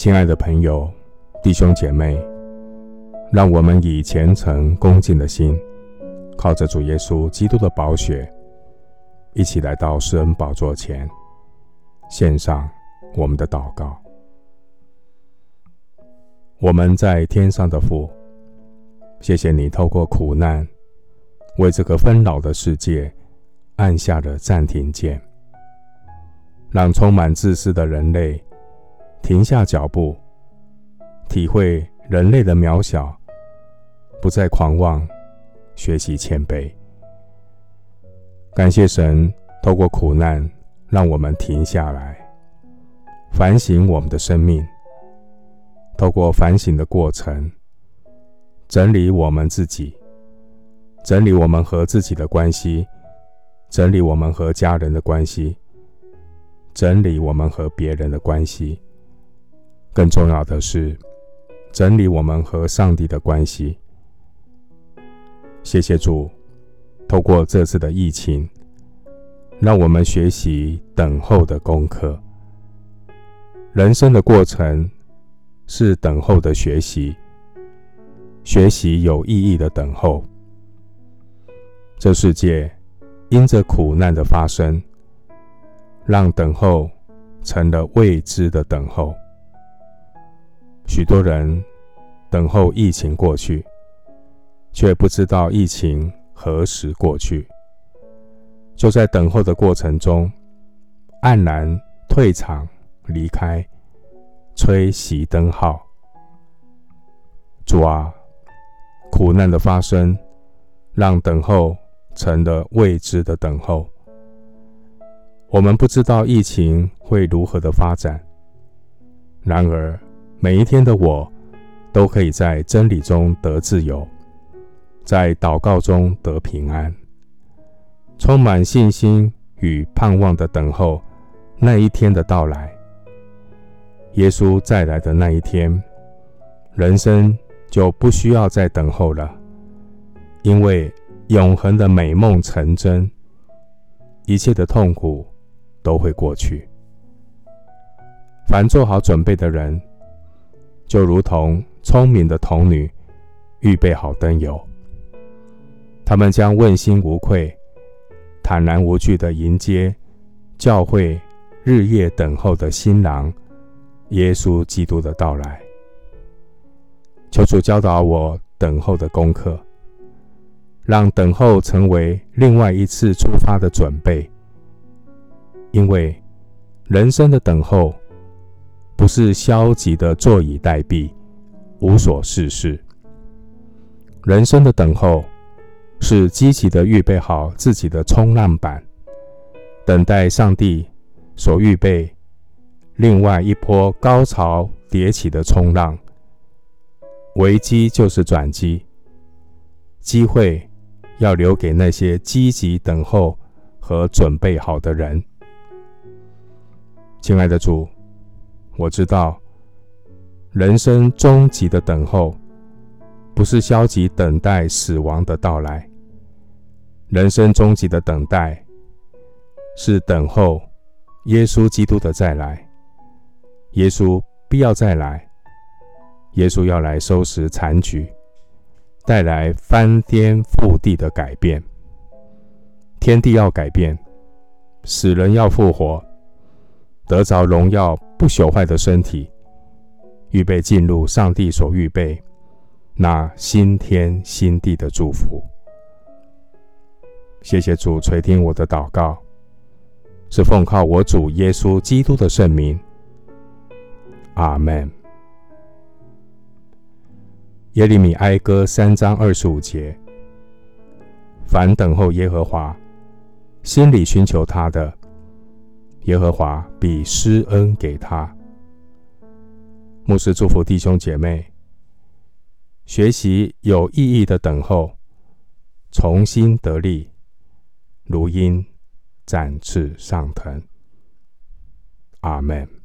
親愛的朋友、弟兄姐妹，讓我們以虔誠恭敬的心，靠着主耶穌基督的寶血，一起來到施恩寶座前，獻上我們的禱告。我們在天上的父，謝謝你透過苦難，為這個紛擾的世界按下了暫停鍵，讓充滿自私的人類。停下腳步，體會人類的渺小，不再狂妄，學習謙卑。感謝神，透過苦難讓我們停下來，反省我們的生命。透過反省的過程，整理我們自己，整理我們和自己的關係，整理我們和家人的關係，整理我們和別人的關係。更重要的是，整理我們和上帝的關係。謝謝主，透過這次的疫情，讓我們學習等候的功課。人生的過程是等候的學習，學習有意義的等候。這世界因着苦難的發生，讓等候成了未知的等候。許多人等候疫情過去，卻不知道疫情何時過去。就在等候的過程中，黯然退場離開，吹熄燈號。主啊，苦難的發生，讓等候成了未知的等候。我們不知道疫情會如何的發展，然而。每一天的我都可以在真理中得自由，在禱告中得平安，充滿信心與盼望的等候那一天的到來。耶穌再來的那一天，人生就不需要再等候了，因為永恆的美夢成真，一切的痛苦都會過去。凡做好準備的人。就如同聰明的童女預備好燈油，他們將問心無愧、坦然無懼地迎接教會日夜等候的新郎——耶穌基督的到來。求主教導我等候的功課，讓等候成為另外一次出發的準備，因為人生的等候。不是消極的坐以待斃，無所事事。人生的等候是積極的，預備好自己的衝浪板，等待上帝所預備另外一波高潮迭起的衝浪。危機就是轉機，機會要留給那些積極等候和準備好的人。親愛的主。我知道，人生終極的等候，不是消極等待死亡的到來。人生終極的等待，是等候耶穌基督的再來。耶穌必要再來，耶穌要來收拾殘局，帶來翻天覆地的改變。天地要改變，死人要復活，得着榮耀。不朽壞的身體，預備進入上帝所預備那新天新地的祝福。謝謝主垂聽我的禱告，是奉靠我主耶穌基督的聖名。阿門。耶利米哀歌三章二十五節：凡等候耶和華，心裡尋求他的，耶和華必施恩給他。牧師祝福弟兄姐妹，學習有意義的等候，重新得力，如鷹展翅上騰。阿門。